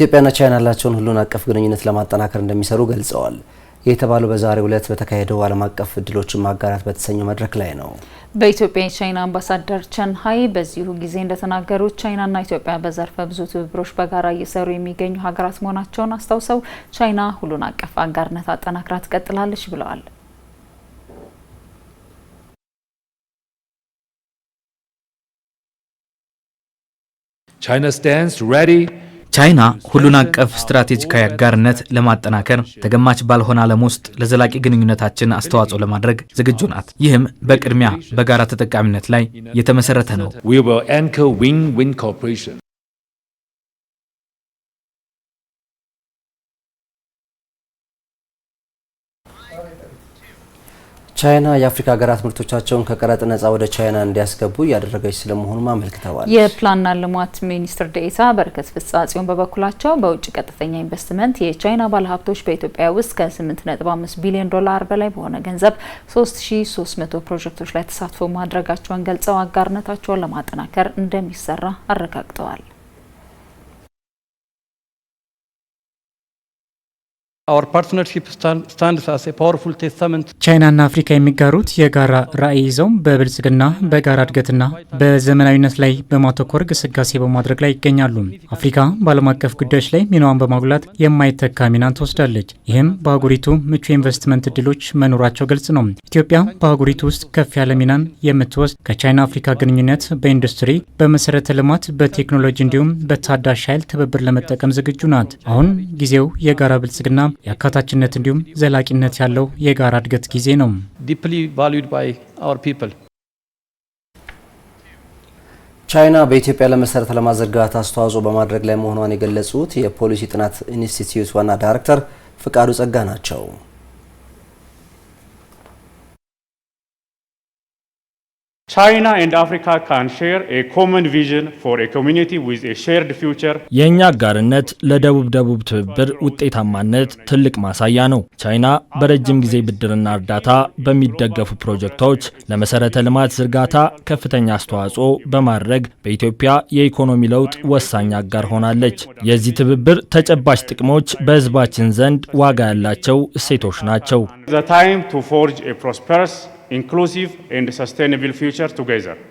ኢትዮጵያና ቻይና ያላቸውን ሁሉን አቀፍ ግንኙነት ለማጠናከር እንደሚሰሩ ገልጸዋል። የተባሉ የተባለው በዛሬው ዕለት በተካሄደው ዓለም አቀፍ እድሎችን ማጋራት በተሰኘው መድረክ ላይ ነው። በኢትዮጵያ የቻይና አምባሳደር ቸን ሀይ በዚሁ ጊዜ እንደተናገሩት ቻይናና ኢትዮጵያ በዘርፈ ብዙ ትብብሮች በጋራ እየሰሩ የሚገኙ ሀገራት መሆናቸውን አስታውሰው ቻይና ሁሉን አቀፍ አጋርነት አጠናክራ ትቀጥላለች ብለዋል። China stands ready ቻይና ሁሉን አቀፍ ስትራቴጂካዊ አጋርነት ለማጠናከር ተገማች ባልሆነ ዓለም ውስጥ ለዘላቂ ግንኙነታችን አስተዋጽኦ ለማድረግ ዝግጁ ናት። ይህም በቅድሚያ በጋራ ተጠቃሚነት ላይ የተመሰረተ ነው። ቻይና የአፍሪካ ሀገራት ምርቶቻቸውን ከቀረጥ ነጻ ወደ ቻይና እንዲያስገቡ እያደረገች ስለመሆኑም አመልክተዋል። የፕላንና ልማት ሚኒስትር ዴኤታ በረከት ፍጻጽዮን በበኩላቸው በውጭ ቀጥተኛ ኢንቨስትመንት የቻይና ባለሀብቶች በኢትዮጵያ ውስጥ ከ8.5 ቢሊዮን ዶላር በላይ በሆነ ገንዘብ 3300 ፕሮጀክቶች ላይ ተሳትፎ ማድረጋቸውን ገልጸው አጋርነታቸውን ለማጠናከር እንደሚሰራ አረጋግጠዋል። ቻይናና አፍሪካ የሚጋሩት የጋራ ራዕይ ይዘው በብልጽግና በጋራ እድገትና በዘመናዊነት ላይ በማተኮር ግስጋሴ በማድረግ ላይ ይገኛሉ። አፍሪካ በዓለም አቀፍ ጉዳዮች ላይ ሚናዋን በማጉላት የማይተካ ሚናን ትወስዳለች። ይህም በአህጉሪቱ ምቹ የኢንቨስትመንት እድሎች መኖራቸው ግልጽ ነው። ኢትዮጵያ በአህጉሪቱ ውስጥ ከፍ ያለ ሚናን የምትወስድ ከቻይና አፍሪካ ግንኙነት በኢንዱስትሪ፣ በመሰረተ ልማት፣ በቴክኖሎጂ እንዲሁም በታዳሽ ኃይል ትብብር ለመጠቀም ዝግጁ ናት። አሁን ጊዜው የጋራ ብልጽግና የአካታችነት እንዲሁም ዘላቂነት ያለው የጋራ እድገት ጊዜ ነው። ቻይና በኢትዮጵያ ለመሰረተ ልማት ዝርጋታ አስተዋጽኦ በማድረግ ላይ መሆኗን የገለጹት የፖሊሲ ጥናት ኢንስቲትዩት ዋና ዳይሬክተር ፍቃዱ ጸጋ ናቸው። የእኛ አጋርነት ለደቡብ ደቡብ ትብብር ውጤታማነት ትልቅ ማሳያ ነው። ቻይና በረጅም ጊዜ ብድርና እርዳታ በሚደገፉ ፕሮጀክቶች ለመሰረተ ልማት ዝርጋታ ከፍተኛ አስተዋጽኦ በማድረግ በኢትዮጵያ የኢኮኖሚ ለውጥ ወሳኝ አጋር ሆናለች። የዚህ ትብብር ተጨባጭ ጥቅሞች በሕዝባችን ዘንድ ዋጋ ያላቸው እሴቶች ናቸው። inclusive and sustainable future together.